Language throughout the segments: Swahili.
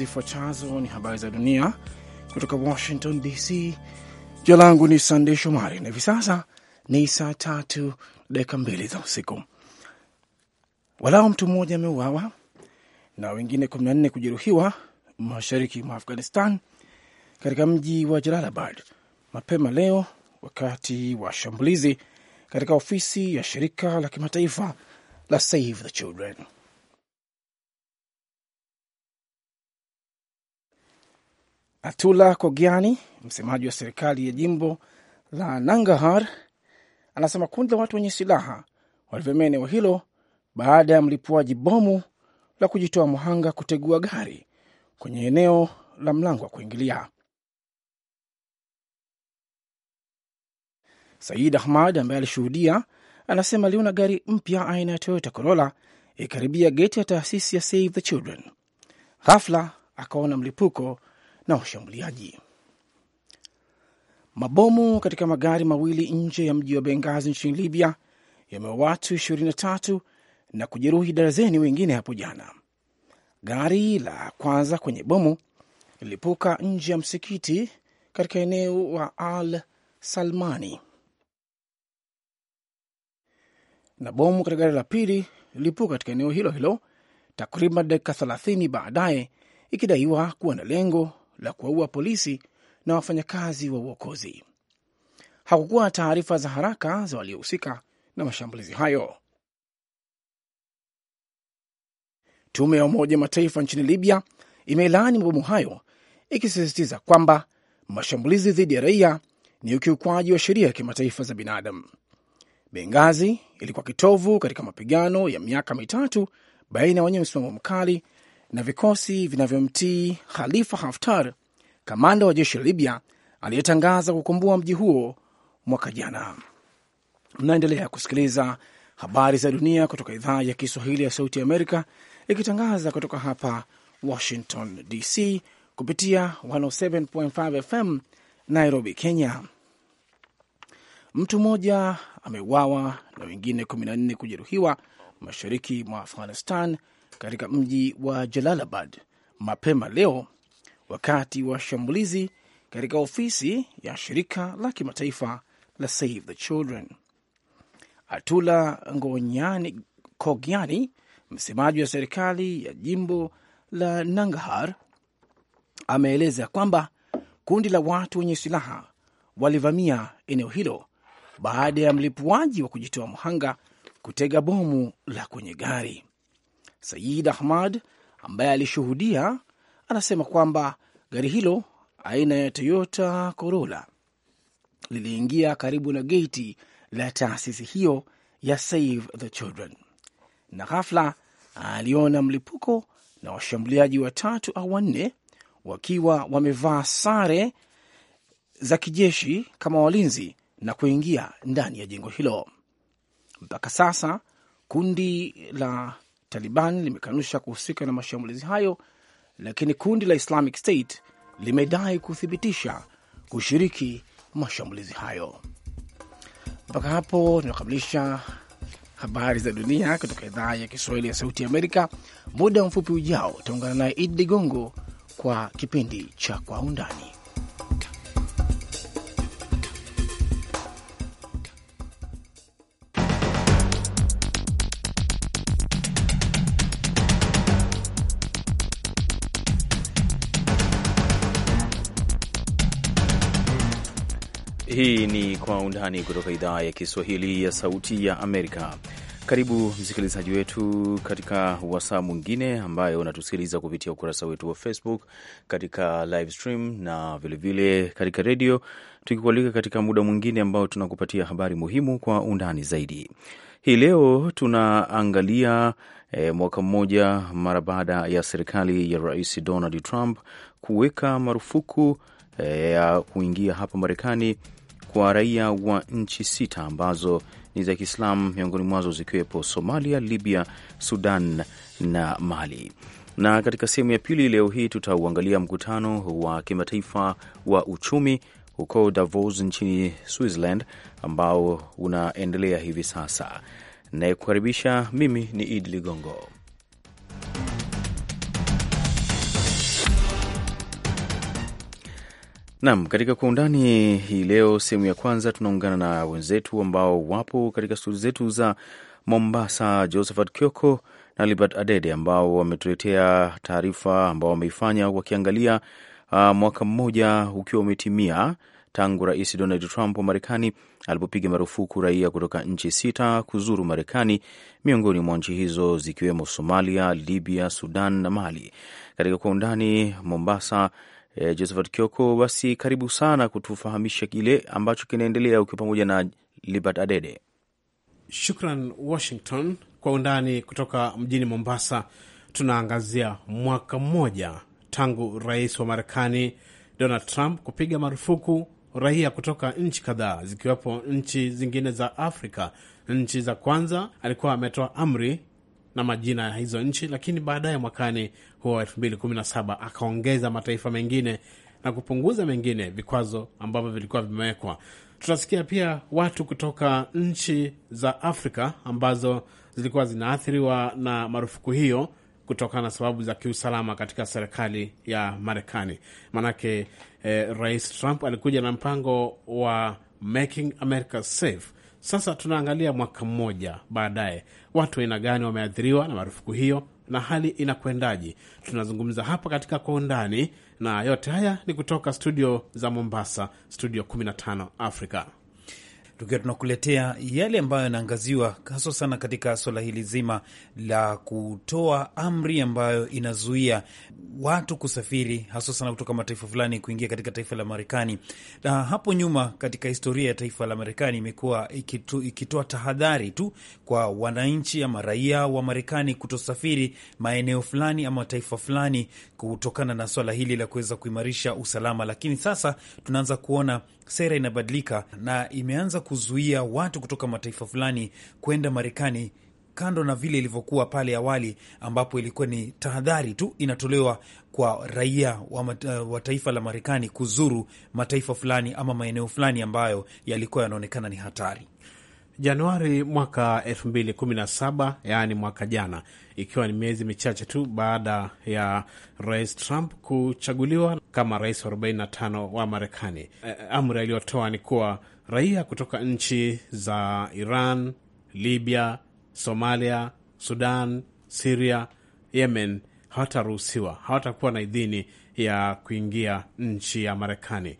zifuatazo ni habari za dunia kutoka Washington DC. Jina langu ni Sandey Shomari na hivi sasa ni saa tatu dakika mbili za usiku. Walau mtu mmoja ameuawa na wengine 14 kujeruhiwa mashariki mwa Afghanistan katika mji wa Jalalabad mapema leo wakati wa shambulizi katika ofisi ya shirika la kimataifa la Save the Children. Atula Kogiani, msemaji wa serikali ya jimbo la Nangahar, anasema kundi la watu wenye silaha walivyomea eneo hilo baada ya mlipuaji bomu la kujitoa mhanga kutegua gari kwenye eneo la mlango wa kuingilia. Said Ahmad ambaye alishuhudia anasema aliona gari mpya aina ya Toyota Corolla ikikaribia geti ya taasisi ya Save the Children. Ghafla akaona mlipuko na washambuliaji. Mabomu katika magari mawili nje ya mji wa Bengazi nchini Libya yameua watu 23 na kujeruhi darazeni wengine hapo jana. Gari la kwanza kwenye bomu lilipuka nje ya msikiti katika eneo wa Al Salmani, na bomu katika gari la pili lilipuka katika eneo hilo hilo takriban dakika 30 baadaye, ikidaiwa kuwa na lengo la kuwaua polisi na wafanyakazi wa uokozi. Hakukuwa taarifa za haraka za waliohusika na mashambulizi hayo. Tume ya Umoja Mataifa nchini Libya imelaani mabomu hayo ikisisitiza kwamba mashambulizi dhidi ya raia ni ukiukwaji wa sheria ya kimataifa za binadamu. Bengazi ilikuwa kitovu katika mapigano ya miaka mitatu baina ya wenye msimamo mkali na vikosi vinavyomtii Khalifa Haftar, kamanda wa jeshi la Libya aliyetangaza kukomboa mji huo mwaka jana. Mnaendelea kusikiliza habari za dunia kutoka idhaa ya Kiswahili ya Sauti ya Amerika, ikitangaza kutoka hapa Washington DC kupitia 107.5 FM Nairobi, Kenya. Mtu mmoja ameuawa na wengine 14 kujeruhiwa mashariki mwa Afghanistan katika mji wa Jalalabad mapema leo wakati wa shambulizi katika ofisi ya shirika la kimataifa la Save the Children. Atula Ngonyani Kogiani, msemaji wa serikali ya jimbo la nangahar ameeleza kwamba kundi la watu wenye silaha walivamia eneo hilo baada ya mlipuaji wa kujitoa mhanga kutega bomu la kwenye gari. Said Ahmad ambaye alishuhudia anasema kwamba gari hilo aina ya Toyota Corolla liliingia karibu na geiti la taasisi hiyo ya Save the Children, na ghafla aliona mlipuko na washambuliaji watatu au wanne wakiwa wamevaa sare za kijeshi kama walinzi na kuingia ndani ya jengo hilo. Mpaka sasa kundi la Taliban limekanusha kuhusika na mashambulizi hayo, lakini kundi la Islamic State limedai kuthibitisha kushiriki mashambulizi hayo. Mpaka hapo tunakamilisha habari za dunia kutoka idhaa ya Kiswahili ya Sauti ya Amerika. Muda mfupi ujao utaungana naye Idi Ligongo kwa kipindi cha Kwa Undani. Undani kutoka idhaa ya Kiswahili ya Sauti ya Amerika. Karibu msikilizaji wetu katika wasaa mwingine ambayo unatusikiliza kupitia ukurasa wetu wa Facebook, katika live stream na vilevile vile katika redio, tukikualika katika muda mwingine ambao tunakupatia habari muhimu kwa undani zaidi. Hii leo tunaangalia e, mwaka mmoja mara baada ya serikali ya Rais Donald Trump kuweka marufuku eh, ya e, kuingia hapa Marekani kwa raia wa nchi sita ambazo ni za Kiislamu, miongoni mwazo zikiwepo Somalia, Libya, Sudan na Mali. Na katika sehemu ya pili leo hii tutauangalia mkutano wa kimataifa wa uchumi huko Davos nchini Switzerland ambao unaendelea hivi sasa. Nayekukaribisha mimi ni Idi Ligongo. Naam, katika kwa undani hii leo, sehemu ya kwanza tunaungana na wenzetu ambao wapo katika studio zetu za Mombasa, Josephat Kioko na Libert Adede ambao wametuletea taarifa ambao wameifanya wakiangalia uh, mwaka mmoja ukiwa umetimia tangu Rais Donald Trump wa Marekani alipopiga marufuku raia kutoka nchi sita kuzuru Marekani, miongoni mwa nchi hizo zikiwemo Somalia, Libya, Sudan na Mali. Katika kwa undani Mombasa e, Josephat Kioko, basi karibu sana kutufahamisha kile ambacho kinaendelea ukiwa pamoja na Libert Adede. Shukran Washington. Kwa undani kutoka mjini Mombasa, tunaangazia mwaka mmoja tangu rais wa Marekani Donald Trump kupiga marufuku raia kutoka nchi kadhaa zikiwepo nchi zingine za Afrika. Nchi za kwanza alikuwa ametoa amri na majina ya hizo nchi, lakini baadaye mwakani huo wa 2017 akaongeza mataifa mengine na kupunguza mengine vikwazo ambavyo vilikuwa vimewekwa. Tutasikia pia watu kutoka nchi za Afrika ambazo zilikuwa zinaathiriwa na marufuku hiyo kutokana na sababu za kiusalama katika serikali ya Marekani. Maanake eh, Rais Trump alikuja na mpango wa Making America Safe. Sasa tunaangalia mwaka mmoja baadaye, watu aina gani wameathiriwa na marufuku hiyo, na hali inakwendaje? Tunazungumza hapa katika kwa undani, na yote haya ni kutoka studio za Mombasa, studio 15 Afrika tukiwa tunakuletea yale ambayo yanaangaziwa haswa sana katika swala hili zima la kutoa amri ambayo inazuia watu kusafiri haswa sana kutoka mataifa fulani kuingia katika taifa la Marekani. Na hapo nyuma katika historia ya taifa la Marekani imekuwa ikitoa tahadhari tu kwa wananchi ama raia wa Marekani kutosafiri maeneo fulani ama taifa fulani kutokana na swala hili la kuweza kuimarisha usalama, lakini sasa tunaanza kuona sera inabadilika na imeanza kuzuia watu kutoka mataifa fulani kwenda Marekani, kando na vile ilivyokuwa pale awali, ambapo ilikuwa ni tahadhari tu inatolewa kwa raia wa, wa taifa la Marekani kuzuru mataifa fulani ama maeneo fulani ambayo yalikuwa yanaonekana ni hatari. Januari mwaka 2017, yaani mwaka jana, ikiwa ni miezi michache tu baada ya Rais Trump kuchaguliwa kama rais 45 wa Marekani. Eh, eh, amri aliyotoa ni kuwa raia kutoka nchi za Iran, Libya, Somalia, Sudan, Siria, Yemen hawataruhusiwa, hawatakuwa na idhini ya kuingia nchi ya Marekani,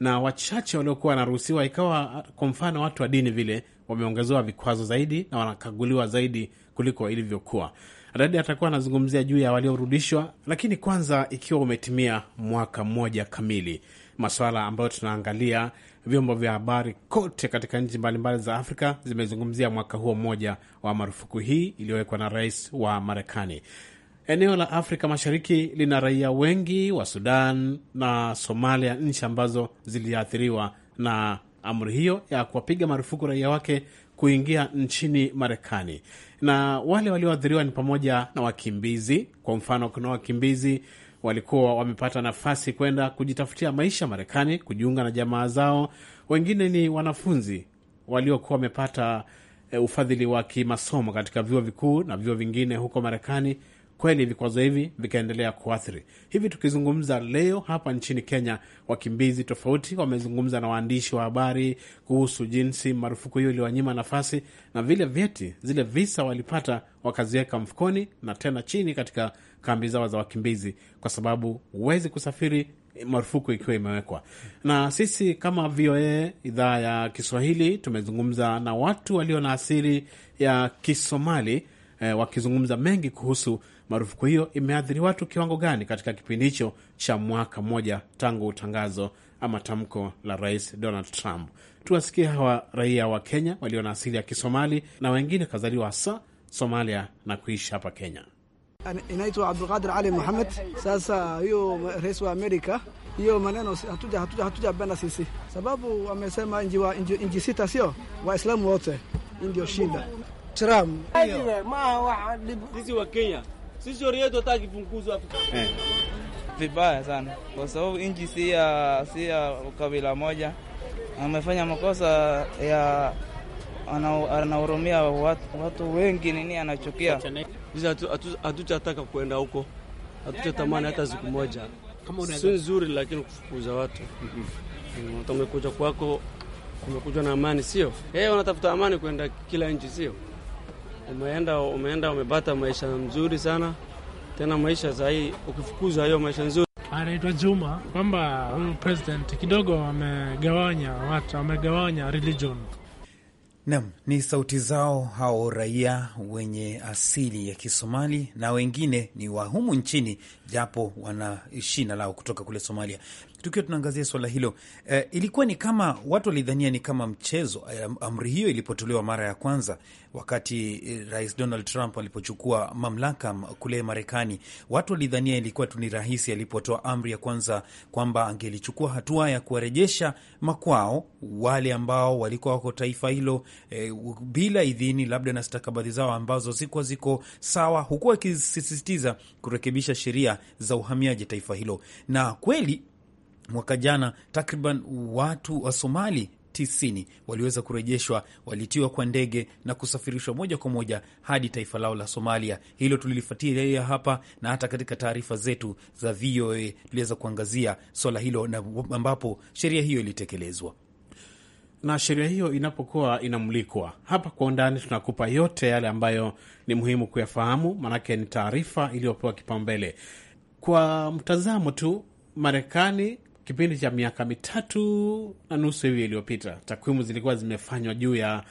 na wachache waliokuwa wanaruhusiwa ikawa kwa mfano watu wa dini vile wameongezewa vikwazo zaidi na wanakaguliwa zaidi kuliko ilivyokuwa. Adadi atakuwa anazungumzia juu ya waliorudishwa, lakini kwanza, ikiwa umetimia mwaka mmoja kamili, masuala ambayo tunaangalia, vyombo vya habari kote katika nchi mbalimbali za Afrika zimezungumzia mwaka huo mmoja wa marufuku hii iliyowekwa na rais wa Marekani. Eneo la Afrika Mashariki lina raia wengi wa Sudan na Somalia, nchi ambazo ziliathiriwa na amri hiyo ya kuwapiga marufuku raia wake kuingia nchini Marekani. Na wale walioathiriwa ni pamoja na wakimbizi. Kwa mfano, kuna wakimbizi walikuwa wamepata nafasi kwenda kujitafutia maisha Marekani, kujiunga na jamaa zao. Wengine ni wanafunzi waliokuwa wamepata e, ufadhili wa kimasomo katika vyuo vikuu na vyuo vingine huko Marekani kweli vikwazo hivi vikaendelea kuathiri. Hivi tukizungumza leo hapa nchini Kenya, wakimbizi tofauti wamezungumza na waandishi wa habari kuhusu jinsi marufuku hiyo iliwanyima nafasi na vile vyeti, zile visa walipata wakaziweka mfukoni na tena chini katika kambi zao za wakimbizi, kwa sababu huwezi kusafiri marufuku ikiwa imewekwa. Na sisi kama VOA idhaa ya Kiswahili tumezungumza na watu walio na asili ya Kisomali eh, wakizungumza mengi kuhusu Marufuku hiyo imeathiri watu kiwango gani katika kipindi hicho cha mwaka mmoja tangu tangazo ama tamko la Rais Donald Trump? Tuwasikie hawa raia wa Kenya walio na asili ya Kisomali na wengine kazaliwa hasa Somalia na kuishi hapa Kenya. Inaitwa Abdulqadir Ali Muhamed. Sasa hiyo rais wa Amerika, hiyo maneno hatuja hatuja sisi, sababu wamesema nji sita, sio Waislamu wote ndio shinda Trump. Sisi wa Kenya sisi yetu hataki kufunguzwa eh. vibaya sana, kwa sababu nchi si ya si ya kabila moja. Amefanya makosa ya anahurumia watu, watu wengi nini, anachukia. Sisi hatutataka kuenda huko, hatuchatamani hata siku moja. Si nzuri, lakini kufukuza watu watu mm-hmm. mm, kwako, kumekuja na amani, sio? Hey, eh, wanatafuta amani kwenda kila nchi, sio? umeenda umeenda umepata maisha mzuri sana tena maisha zai ukifukuzwa hiyo maisha nzuri. Anaitwa Juma kwamba huyu president kidogo amegawanya watu, amegawanya religion. Nam, ni sauti zao hao raia wenye asili ya Kisomali na wengine ni wa humu nchini, japo wana shina lao kutoka kule Somalia tukiwa tunaangazia swala hilo eh, ilikuwa ni kama watu walidhania ni kama mchezo. Eh, amri hiyo ilipotolewa mara ya kwanza wakati eh, Rais Donald Trump alipochukua mamlaka kule Marekani, watu walidhania ilikuwa tu ni rahisi. Alipotoa amri ya kwanza kwamba angelichukua hatua ya kuwarejesha makwao wale ambao walikuwa wako taifa hilo eh, bila idhini, labda na stakabadhi zao ambazo zikuwa ziko sawa, huku akisisitiza kurekebisha sheria za uhamiaji taifa hilo, na kweli mwaka jana takriban watu wa Somali 90 waliweza kurejeshwa, walitiwa kwa ndege na kusafirishwa moja kwa moja hadi taifa lao la Somalia. Hilo tulilifuatilia hapa na hata katika taarifa zetu za VOA tuliweza kuangazia swala hilo, na ambapo sheria hiyo ilitekelezwa na sheria hiyo inapokuwa inamulikwa hapa kwa undani, tunakupa yote yale ambayo ni muhimu kuyafahamu, maanake ni taarifa iliyopewa kipaumbele. Kwa mtazamo tu, Marekani kipindi cha miaka mitatu na nusu hivi iliyopita, takwimu zilikuwa zimefanywa juu ya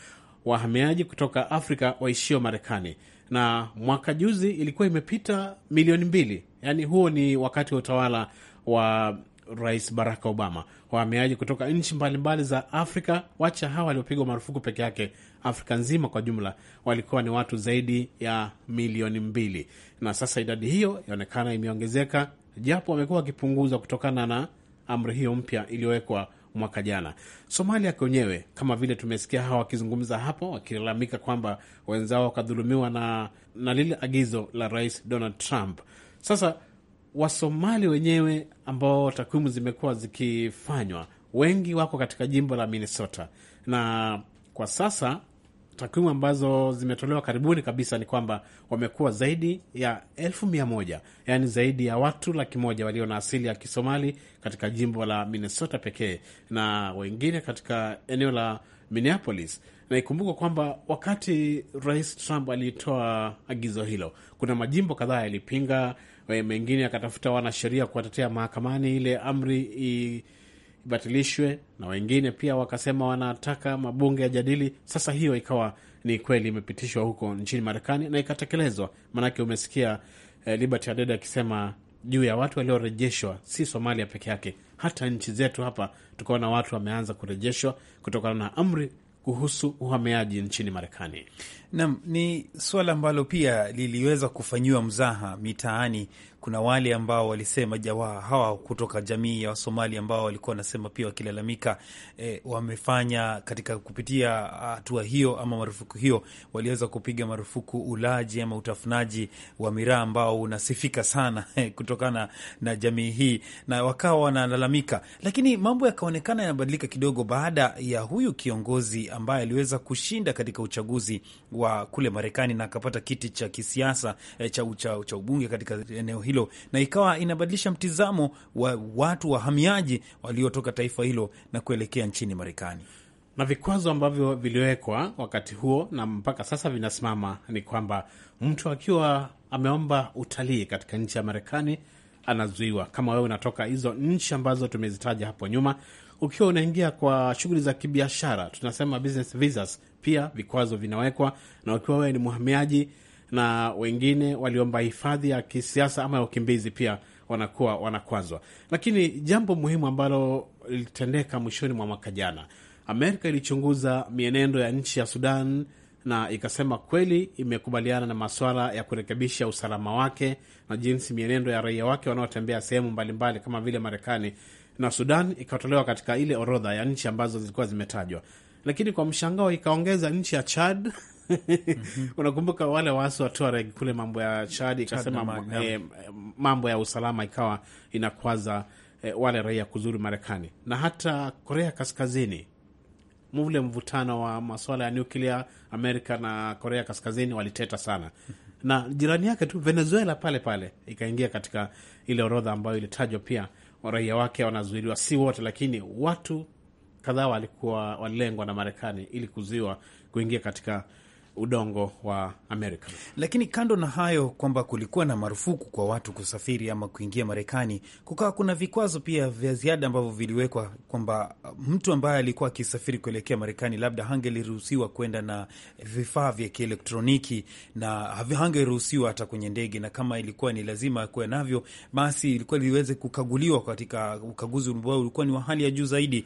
wahamiaji kutoka Afrika waishio Marekani, na mwaka juzi ilikuwa imepita milioni mbili. Yaani huo ni wakati wa utawala wa Rais Barack Obama. Wahamiaji kutoka nchi mbalimbali za Afrika, wacha hawa waliopigwa marufuku peke yake, Afrika nzima kwa jumla walikuwa ni watu zaidi ya milioni mbili, na sasa idadi hiyo yaonekana imeongezeka, japo wamekuwa wakipunguzwa kutokana na amri hiyo mpya iliyowekwa mwaka jana. Somalia kwenyewe kama vile tumesikia hawa wakizungumza hapo, wakilalamika kwamba wenzao wakadhulumiwa na, na lile agizo la Rais Donald Trump. Sasa Wasomali wenyewe ambao takwimu zimekuwa zikifanywa, wengi wako katika jimbo la Minnesota na kwa sasa takwimu ambazo zimetolewa karibuni kabisa ni kwamba wamekuwa zaidi ya elfu mia moja yaani zaidi ya watu laki moja walio na asili ya Kisomali katika jimbo la Minnesota pekee na wengine katika eneo la Minneapolis. Na ikumbukwa kwamba wakati Rais Trump alitoa agizo hilo, kuna majimbo kadhaa yalipinga, eh, mengine akatafuta wanasheria kuwatetea mahakamani ile amri i ibatilishwe, na wengine pia wakasema wanataka mabunge yajadili. Sasa hiyo ikawa ni kweli imepitishwa huko nchini Marekani na ikatekelezwa. Maanake umesikia eh, Liberty Adede akisema juu ya watu waliorejeshwa, si Somalia peke yake, hata nchi zetu hapa tukaona watu wameanza kurejeshwa kutokana na amri kuhusu uhamiaji nchini Marekani. Naam, ni suala ambalo pia liliweza kufanyiwa mzaha mitaani kuna wale ambao walisema jawaa hawa kutoka jamii ya Wasomali ambao walikuwa wanasema pia wakilalamika, e, wamefanya katika kupitia ah, hatua hiyo ama marufuku hiyo, waliweza kupiga marufuku ulaji ama utafunaji wa miraa ambao unasifika sana eh, kutokana na jamii hii, na wakawa wanalalamika, lakini mambo yakaonekana yanabadilika kidogo baada ya huyu kiongozi ambaye aliweza kushinda katika uchaguzi wa kule Marekani na akapata kiti cha kisiasa eh, cha, cha, cha ubunge katika eneo hii hilo, na ikawa inabadilisha mtizamo wa watu wahamiaji waliotoka taifa hilo na kuelekea nchini Marekani. Na vikwazo ambavyo viliwekwa wakati huo na mpaka sasa vinasimama ni kwamba mtu akiwa ameomba utalii katika nchi ya Marekani anazuiwa. Kama wewe unatoka hizo nchi ambazo tumezitaja hapo nyuma, ukiwa unaingia kwa shughuli za kibiashara, tunasema business visas, pia vikwazo vinawekwa, na ukiwa wewe ni mhamiaji na wengine waliomba hifadhi ya kisiasa ama ya ukimbizi pia wanakuwa wanakwazwa. Lakini jambo muhimu ambalo lilitendeka mwishoni mwa mwaka jana, Amerika ilichunguza mienendo ya nchi ya Sudan na ikasema kweli imekubaliana na maswala ya kurekebisha usalama wake na jinsi mienendo ya raia wake wanaotembea sehemu mbalimbali kama vile Marekani na Sudan ikatolewa katika ile orodha ya nchi ambazo zilikuwa zimetajwa, lakini kwa mshangao ikaongeza nchi ya Chad Mm-hmm. unakumbuka wale waasi wa Tuareg kule mambo ya Chadi, ikasema eh, mambo ya usalama ikawa inakwaza eh, wale raia kuzuru Marekani na hata Korea Kaskazini mule mvutano wa masuala ya nuklia, Amerika na Korea Kaskazini waliteta sana mm-hmm. na jirani yake tu Venezuela pale pale ikaingia katika ile orodha ambayo ilitajwa pia, raia wake wanazuiliwa, si wote, lakini watu kadhaa walikuwa walilengwa na Marekani ili kuzuiwa kuingia katika udongo wa Amerika. Lakini kando na hayo kwamba kulikuwa na marufuku kwa watu kusafiri ama kuingia Marekani, kukawa kuna vikwazo pia vya ziada ambavyo viliwekwa kwamba uh, mtu ambaye alikuwa akisafiri kuelekea Marekani labda hangeliruhusiwa kwenda na vifaa vya kielektroniki na hangeruhusiwa hata kwenye ndege, na kama ilikuwa ni lazima kuwa navyo, basi ilikuwa liweze kukaguliwa katika ukaguzi ambao ulikuwa ni wa hali ya juu zaidi.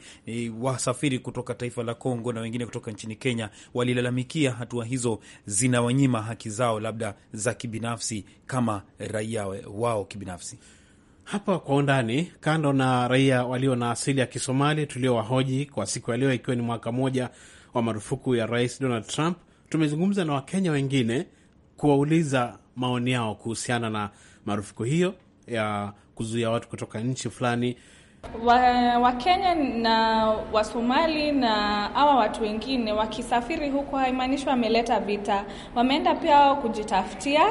Wasafiri kutoka taifa la Kongo na wengine kutoka nchini Kenya walilalamikia hatua hii hizo zinawanyima haki zao labda za kibinafsi kama raia wao kibinafsi. Hapa kwa undani, kando na raia walio na asili ya Kisomali tuliowahoji kwa siku ya leo, ikiwa ni mwaka moja wa marufuku ya Rais Donald Trump, tumezungumza na Wakenya wengine kuwauliza maoni yao kuhusiana na marufuku hiyo ya kuzuia watu kutoka nchi fulani Wakenya wa na Wasomali na hawa watu wengine wakisafiri huko, haimaanishi wameleta vita. Wameenda pia wao kujitafutia,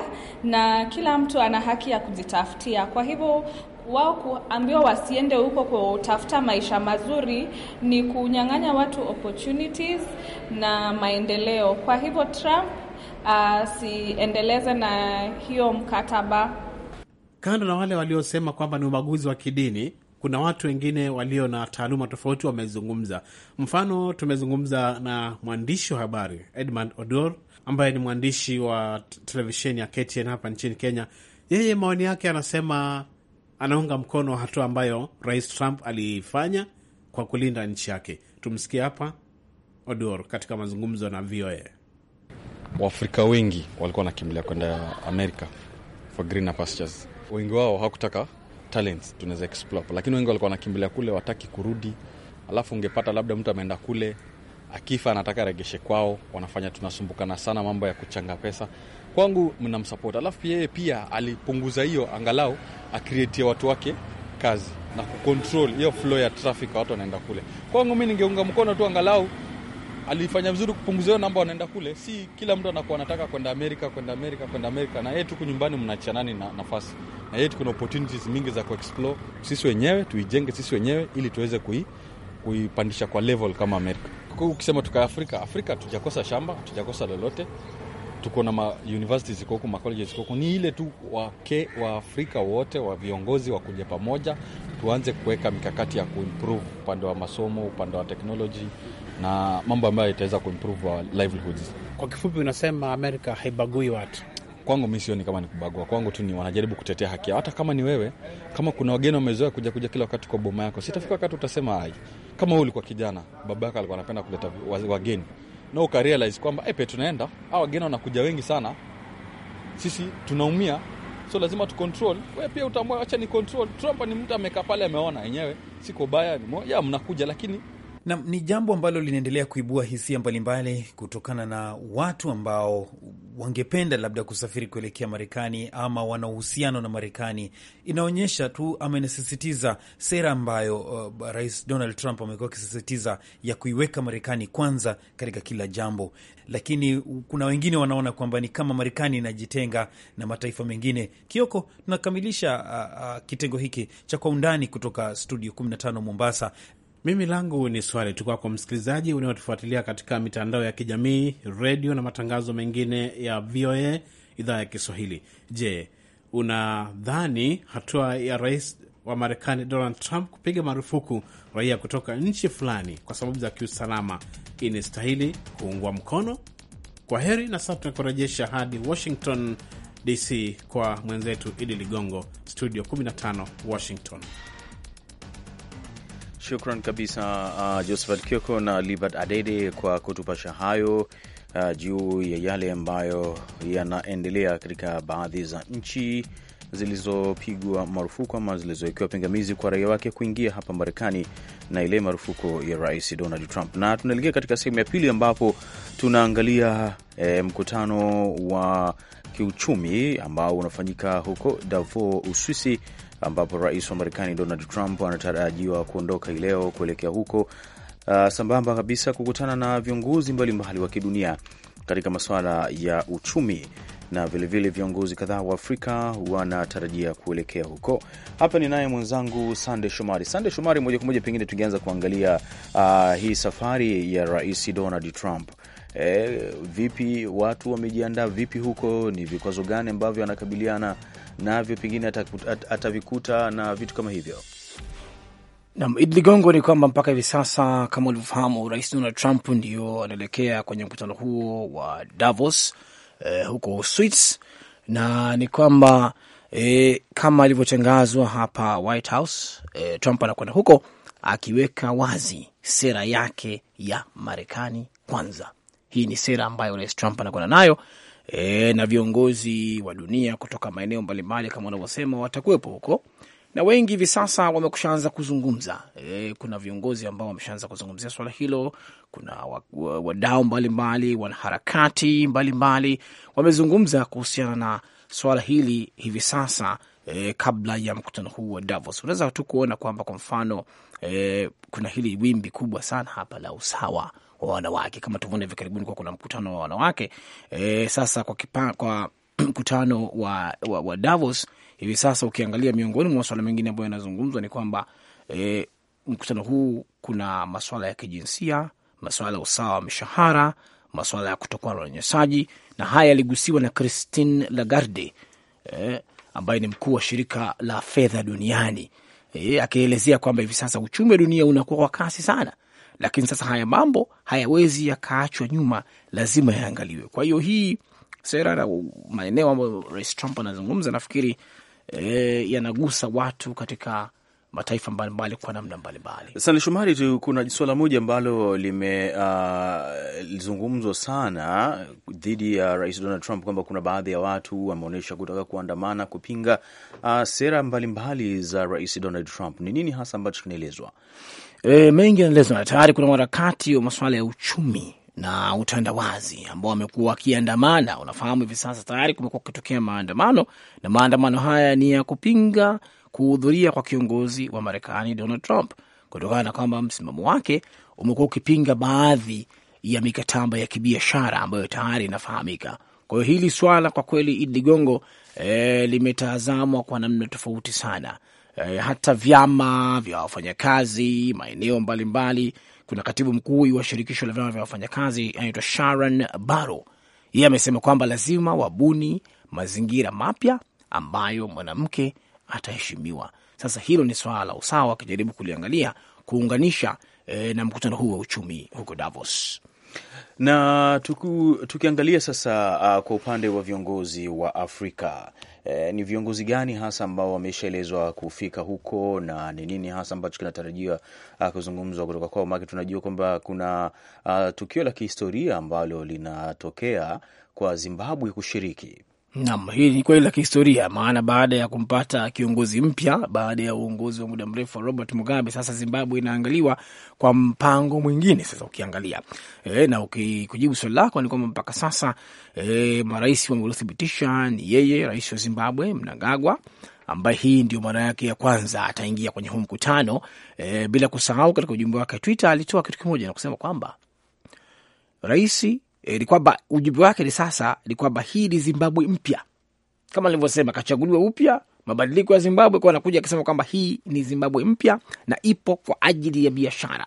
na kila mtu ana haki ya kujitafutia. Kwa hivyo wao kuambiwa wasiende huko kutafuta maisha mazuri ni kunyang'anya watu opportunities na maendeleo. Kwa hivyo Trump ah, asiendeleze uh, na hiyo mkataba. Kando na wale waliosema kwamba ni ubaguzi wa kidini kuna watu wengine walio na taaluma tofauti wamezungumza. Mfano, tumezungumza na mwandishi wa habari Edmund Odor ambaye ni mwandishi wa televisheni ya KTN hapa nchini Kenya. Yeye maoni yake anasema anaunga mkono hatua ambayo Rais Trump aliifanya kwa kulinda nchi yake. Tumsikie hapa Odor katika mazungumzo na VOA. Waafrika wengi walikuwa wanakimbilia kwenda Amerika for greener pastures. Wengi wao hawakutaka talents tunaweza explore, lakini wengi walikuwa wanakimbilia kule, wataki kurudi. Alafu ungepata labda mtu ameenda kule akifa anataka aregeshe kwao, wanafanya tunasumbukana sana mambo ya kuchanga pesa. Kwangu mnamsapoti, alafu yeye pia alipunguza hiyo, angalau akreatia watu wake kazi na kucontrol hiyo flow ya traffic, watu wanaenda kule. Kwangu mi ningeunga mkono tu angalau alifanya vizuri kupunguza hiyo namba, wanaenda kule. Si kila mtu anakuwa anataka kwenda Amerika, kwenda Amerika, kwenda Amerika, na yeye tuku nyumbani, mnachanani na nafasi na yeye, tuko na opportunities mingi za kuexplore sisi wenyewe, tuijenge sisi wenyewe ili tuweze kui, kuipandisha kwa level kama Amerika. Ukisema tuka Afrika, Afrika tujakosa shamba, tujakosa lolote tuko na ma ziko huku, makoleji ziko huku, ni ile tu wake wa Afrika wote wa viongozi wakuje pamoja, tuanze kuweka mikakati ya kuimprove upande wa masomo, upande wa teknoloji na mambo ambayo itaweza kuimprove livelihoods. Kwa kifupi, unasema Amerika haibagui watu? Kwangu mi sioni kama ni kubagua, kwangu tu ni wanajaribu kutetea haki yao. Hata kama ni wewe, kama kuna wageni wamezoea kuja kuja kila wakati kwa boma yako, sitafika wakati utasema ai, kama wewe ulikuwa kijana, baba yako alikuwa anapenda kuleta wageni na no, ukarealize kwamba epe, eh, tunaenda au wageni wanakuja wengi sana, sisi tunaumia, so lazima tucontrol. Wewe pia utambua, acha ni control. Trump ni mtu amekaa pale, ameona yenyewe, siko baya ya mnakuja, lakini na ni jambo ambalo linaendelea kuibua hisia mbalimbali kutokana na watu ambao wangependa labda kusafiri kuelekea Marekani ama wana uhusiano na Marekani. Inaonyesha tu ama inasisitiza sera ambayo uh, Rais Donald Trump amekuwa akisisitiza ya kuiweka Marekani kwanza katika kila jambo, lakini kuna wengine wanaona kwamba ni kama Marekani inajitenga na mataifa mengine. Kioko, tunakamilisha uh, uh, kitengo hiki cha Kwa Undani kutoka studio 15 Mombasa. Mimi langu ni swali tu kwako msikilizaji unaotufuatilia katika mitandao ya kijamii, redio na matangazo mengine ya VOA idhaa ya Kiswahili. Je, unadhani hatua ya rais wa Marekani Donald Trump kupiga marufuku raia kutoka nchi fulani kwa sababu za kiusalama inastahili kuungwa mkono? Kwa heri, na sasa tunakurejesha hadi Washington DC kwa mwenzetu Idi Ligongo, studio 15 Washington. Shukran kabisa uh, Josephat Kioko na Libert Adede kwa kutupasha hayo uh, juu ya yale ambayo yanaendelea katika baadhi za nchi zilizopigwa marufuku ama zilizowekewa pingamizi kwa raia wake kuingia hapa Marekani na ile marufuku ya Rais Donald Trump. Na tunaelekea katika sehemu ya pili ambapo tunaangalia eh, mkutano wa kiuchumi ambao unafanyika huko Davos, Uswisi ambapo rais wa Marekani Donald Trump anatarajiwa kuondoka hii leo kuelekea huko, uh, sambamba kabisa kukutana na viongozi mbalimbali wa kidunia katika masuala ya uchumi na vilevile viongozi kadhaa wa Afrika wanatarajia kuelekea huko. Hapa ni naye mwenzangu Sande Shomari. Sande Shomari, moja kwa moja, pengine tungeanza kuangalia uh, hii safari ya rais Donald Trump. E, vipi watu wamejiandaa vipi huko? Ni vikwazo gani ambavyo anakabiliana navyo pengine atavikuta na vitu kama hivyo. Nam Idi Ligongo, ni kwamba mpaka hivi sasa kama ulivyofahamu, Rais Donald Trump ndio anaelekea kwenye mkutano huo wa Davos eh, huko Swiss, na ni kwamba eh, kama alivyotangazwa hapa White House eh, Trump anakwenda huko akiweka wazi sera yake ya Marekani kwanza. Hii ni sera ambayo Rais Trump anakwenda nayo e, na viongozi wa dunia kutoka maeneo mbalimbali kama wanavyosema watakuwepo huko, na wengi hivi sasa wamekushaanza kuzungumza e, kuna viongozi ambao wameshaanza kuzungumzia swala hilo. Kuna wadau mbalimbali, wanaharakati mbalimbali wamezungumza kuhusiana na swala hili hivi sasa. E, kabla ya mkutano huu wa Davos unaweza tu kuona kwamba kwa mfano e, kuna hili wimbi kubwa sana hapa la usawa wa wanawake kama tuvone hivi karibuni kwa kuna mkutano wa wanawake e, sasa kwa, kipa, kwa mkutano wa, wa, wa Davos hivi sasa, ukiangalia miongoni mwa masuala mengine ambayo yanazungumzwa ni kwamba e, mkutano huu kuna masuala ya kijinsia, masuala ya usawa wa mishahara, masuala ya kutokuwa na unyanyasaji, na haya yaligusiwa na Christine Lagarde e, ambaye ni mkuu wa shirika la fedha duniani e, akielezea kwamba hivi sasa uchumi wa dunia unakuwa kwa kasi sana lakini sasa haya mambo hayawezi yakaachwa nyuma, lazima yaangaliwe. Kwa hiyo hii sera na maeneo ambayo Rais Trump anazungumza, nafikiri e, yanagusa watu katika mataifa mbalimbali kwa namna mbalimbali. Sande Shomari tu, kuna suala moja ambalo limezungumzwa uh, sana dhidi ya Rais Donald Trump kwamba kuna baadhi ya watu wameonyesha kutaka kuandamana kupinga uh, sera mbalimbali mbali za Rais Donald Trump. Ni nini hasa ambacho kinaelezwa? E, mengi yanaelezwa na tayari kuna wanaharakati wa masuala ya uchumi na utandawazi ambao wamekuwa wakiandamana. Unafahamu, hivi sasa tayari kumekuwa kukitokea maandamano, na maandamano haya ni ya kupinga kuhudhuria kwa kiongozi wa Marekani Donald Trump kutokana na kwamba msimamo wake umekuwa ukipinga baadhi ya mikataba ya kibiashara ambayo tayari inafahamika. Kwa hiyo hili swala kwa kweli, Idi Ligongo, e, limetazamwa kwa namna tofauti sana eh, hata vyama vya wafanyakazi maeneo mbalimbali. Kuna katibu mkuu wa shirikisho la vyama vya wafanyakazi anaitwa Sharon Baro, yeye amesema kwamba lazima wabuni mazingira mapya ambayo mwanamke ataheshimiwa. Sasa hilo ni swala la usawa, akijaribu kuliangalia kuunganisha eh, na mkutano huu wa uchumi huko Davos na tuku, tukiangalia sasa uh, kwa upande wa viongozi wa Afrika eh, ni viongozi gani hasa ambao wameshaelezwa kufika huko na ni nini hasa ambacho kinatarajiwa uh, kuzungumzwa kutoka kwao? Maake tunajua kwamba kuna uh, tukio la kihistoria ambalo linatokea kwa Zimbabwe kushiriki Nam, hii ni kweli la kihistoria, maana baada ya kumpata kiongozi mpya baada ya uongozi wa muda mrefu wa Robert Mugabe, sasa Zimbabwe inaangaliwa kwa mpango mwingine. Sasa ukiangalia e, na ukikujibu swali lako ni kwamba mpaka sasa e, marais waliothibitisha ni yeye, rais wa Zimbabwe Mnangagwa ambaye hii ndio mara yake ya kwanza ataingia kwenye huu mkutano e, bila kusahau katika ujumbe wake Twitter alitoa kitu kimoja na kusema kwamba raisi e, ni kwamba ujumbe wake ni sasa ni kwamba hii ni Zimbabwe mpya, kama alivyosema kachaguliwa upya mabadiliko ya Zimbabwe kwa anakuja akisema kwamba hii ni Zimbabwe mpya na ipo kwa ajili ya biashara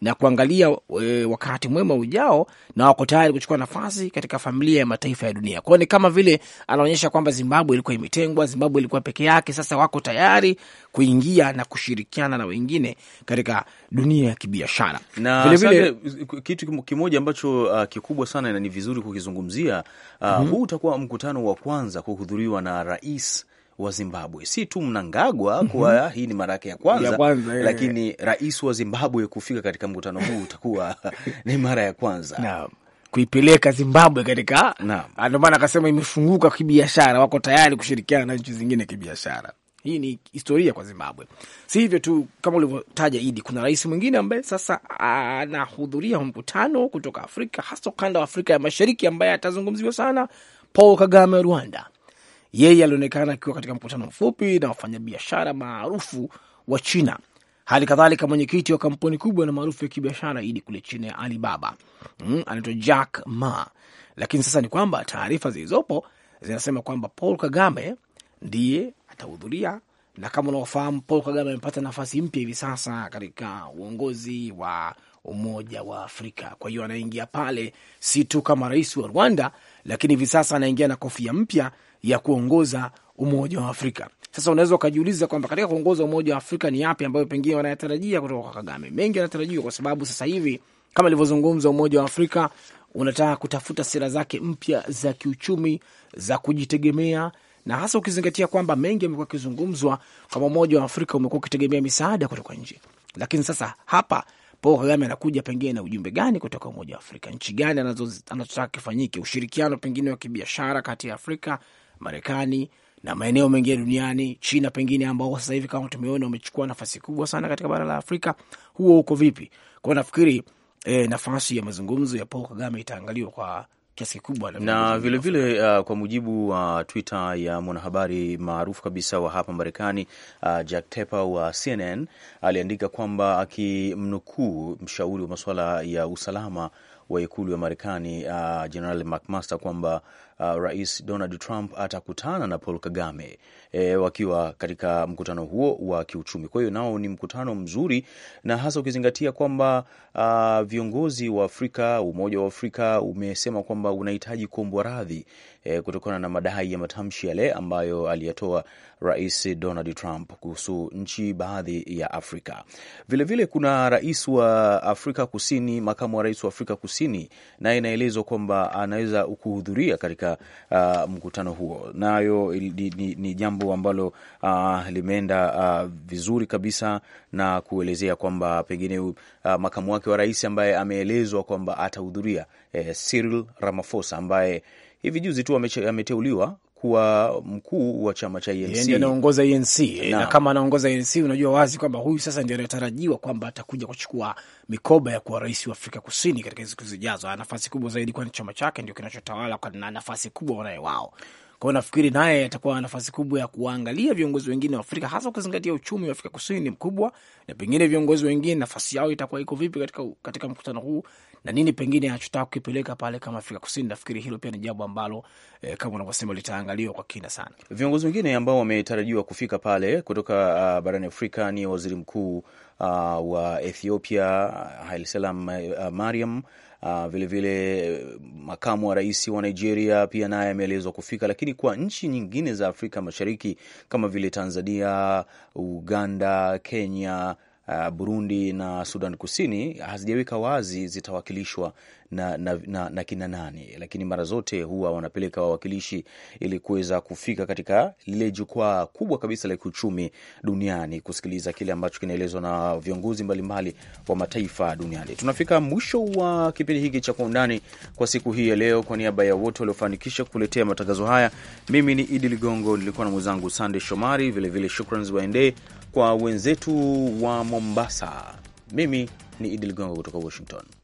na kuangalia e, wakati mwema ujao, na wako tayari kuchukua nafasi katika familia ya mataifa ya dunia. Kwao ni kama vile anaonyesha kwamba Zimbabwe ilikuwa imetengwa, Zimbabwe ilikuwa peke yake, sasa wako tayari kuingia na kushirikiana na wengine katika dunia ya kibiashara. Na vilevile kitu kimoja ambacho uh, kikubwa sana na ni vizuri kukizungumzia uh, mm -hmm. Huu utakuwa mkutano wa kwanza kuhudhuriwa na rais wa Zimbabwe. Si tu Mnangagwa mhm. kuwa hii ni mara yake ya kwanza, ya kwanza eh. lakini rais wa Zimbabwe kufika katika mkutano huu utakuwa ni mara ya kwanza na kuipeleka Zimbabwe katika, ah, ndio maana akasema imefunguka kibiashara, wako tayari kushirikiana na nchi zingine kibiashara. Hii ni historia kwa Zimbabwe. Si hivyo tu, kama ulivyotaja Idi, kuna rais mwingine ambaye sasa anahudhuria mkutano kutoka Afrika, hasa ukanda wa Afrika ya Mashariki, ambaye atazungumziwa sana, Paul Kagame wa Rwanda. Yeye alionekana akiwa katika mkutano mfupi na wafanyabiashara maarufu wa China, hali kadhalika mwenyekiti wa kampuni kubwa na maarufu ya kibiashara idi kule China ya Alibaba mm, anaitwa Jack Ma. Lakini sasa ni kwamba taarifa zilizopo zinasema kwamba Paul Kagame ndiye atahudhuria, na kama unaofahamu Paul Kagame amepata nafasi mpya hivi sasa katika uongozi wa Umoja wa Afrika. Kwa hiyo anaingia pale si tu kama rais wa Rwanda, lakini hivi sasa anaingia na kofia mpya ya kuongoza Umoja wa Afrika. Sasa unaweza ukajiuliza kwamba katika kuongoza Umoja wa Afrika ni yapi ambayo pengine wanayatarajia kutoka kwa Kagame? Mengi yanatarajiwa kwa sababu sasa hivi kama ilivyozungumza, Umoja wa Afrika unataka kutafuta sera zake mpya za kiuchumi za kujitegemea, na hasa ukizingatia kwamba mengi yamekuwa akizungumzwa kwamba Umoja wa Afrika umekuwa ukitegemea misaada kutoka nje, lakini sasa hapa Paul Kagame anakuja pengine na ujumbe gani kutoka Umoja wa Afrika? Nchi gani anazotaka kifanyike? Ushirikiano pengine wa kibiashara kati ya Afrika Marekani na maeneo mengine duniani, China pengine, ambao sasa hivi kama tumeona umechukua nafasi kubwa sana katika bara la Afrika. Huo uko vipi? Kwa nafikiri e, nafasi ya mazungumzo ya Paul Kagame itaangaliwa kwa kiasi kikubwa na vilevile vile, uh, kwa mujibu wa uh, Twitter ya mwanahabari maarufu kabisa wa hapa Marekani uh, Jack Tepper wa CNN aliandika kwamba akimnukuu mshauri wa masuala ya usalama wa ikulu ya Marekani uh, General McMaster kwamba uh, Rais Donald Trump atakutana na Paul Kagame e, wakiwa katika mkutano huo wa kiuchumi. Kwa hiyo nao ni mkutano mzuri, na hasa ukizingatia kwamba uh, viongozi wa Afrika, Umoja wa Afrika umesema kwamba unahitaji kuombwa radhi e, kutokana na madai ya matamshi yale ambayo aliyatoa Rais Donald Trump kuhusu nchi baadhi ya Afrika. Vilevile vile kuna rais wa Afrika Kusini, makamu wa rais wa Afrika Kusini Kusini, na inaelezwa kwamba anaweza kuhudhuria katika uh, mkutano huo, nayo ni, ni, ni jambo ambalo uh, limeenda uh, vizuri kabisa na kuelezea kwamba pengine uh, makamu wake wa rais ambaye ameelezwa kwamba atahudhuria eh, Cyril Ramaphosa ambaye hivi juzi tu ameteuliwa kuwa mkuu wa chama cha ANC. E ndio anaongoza ANC e na kama anaongoza ANC, e unajua wazi kwamba huyu sasa ndio anatarajiwa kwamba atakuja kuchukua mikoba ya kuwa rais wa Afrika Kusini katika siku zijazo. Ana nafasi kubwa zaidi, kwani chama chake ndio kinachotawala na nafasi kubwa wanaye wao. kwao. nafikiri naye atakuwa na nafasi kubwa ya kuwaangalia viongozi wengine wa Afrika, hasa ukizingatia uchumi wa Afrika Kusini ni mkubwa, na pengine viongozi wengine nafasi yao itakuwa iko vipi katika, katika mkutano huu na nini pengine anachotaka kukipeleka pale kama Afrika Kusini. Nafikiri hilo pia ni jambo ambalo eh, kama unavyosema litaangaliwa kwa kina sana. Viongozi wengine ambao wametarajiwa kufika pale kutoka uh, barani Afrika ni waziri mkuu uh, wa Ethiopia Haile Selassie uh, ah, Mariam vilevile uh, vile, makamu wa rais wa Nigeria pia naye ameelezwa kufika, lakini kwa nchi nyingine za Afrika Mashariki kama vile Tanzania, Uganda, Kenya Uh, Burundi na Sudan Kusini hazijaweka wazi zitawakilishwa na, na, na, na kina nani, lakini mara zote huwa wanapeleka wawakilishi ili kuweza kufika katika lile jukwaa kubwa kabisa la kiuchumi duniani kusikiliza kile ambacho kinaelezwa na viongozi mbalimbali wa mataifa duniani. Tunafika mwisho wa kipindi hiki cha Kwa Undani kwa siku hii ya leo. Kwa niaba ya wote waliofanikisha kuletea matangazo haya, mimi ni Idi Ligongo, nilikuwa na mwenzangu Sande Shomari. Vilevile shukran ziwaendee kwa wenzetu wa Mombasa. Mimi ni Idi Ligongo kutoka Washington.